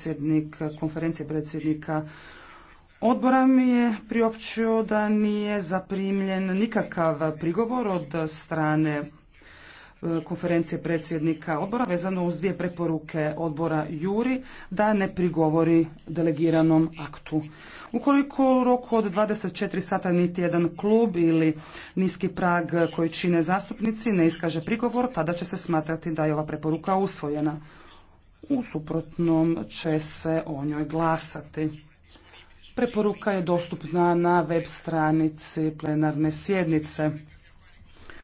predsjednik konferencije predsjednika Odbora mi je priopćio da nije zaprimljen nikakav prigovor od strane e, konferencije predsjednika odbora vezano uz dvije preporuke odbora Juri da ne prigovori delegiranom aktu. Ukoliko u roku od 24 sata niti jedan klub ili niski prag koji čine zastupnici ne iskaže prigovor, tada će se smatrati da je ova preporuka usvojena u suprotnom će se o njoj glasati. Preporuka je dostupna na web stranici plenarne sjednice.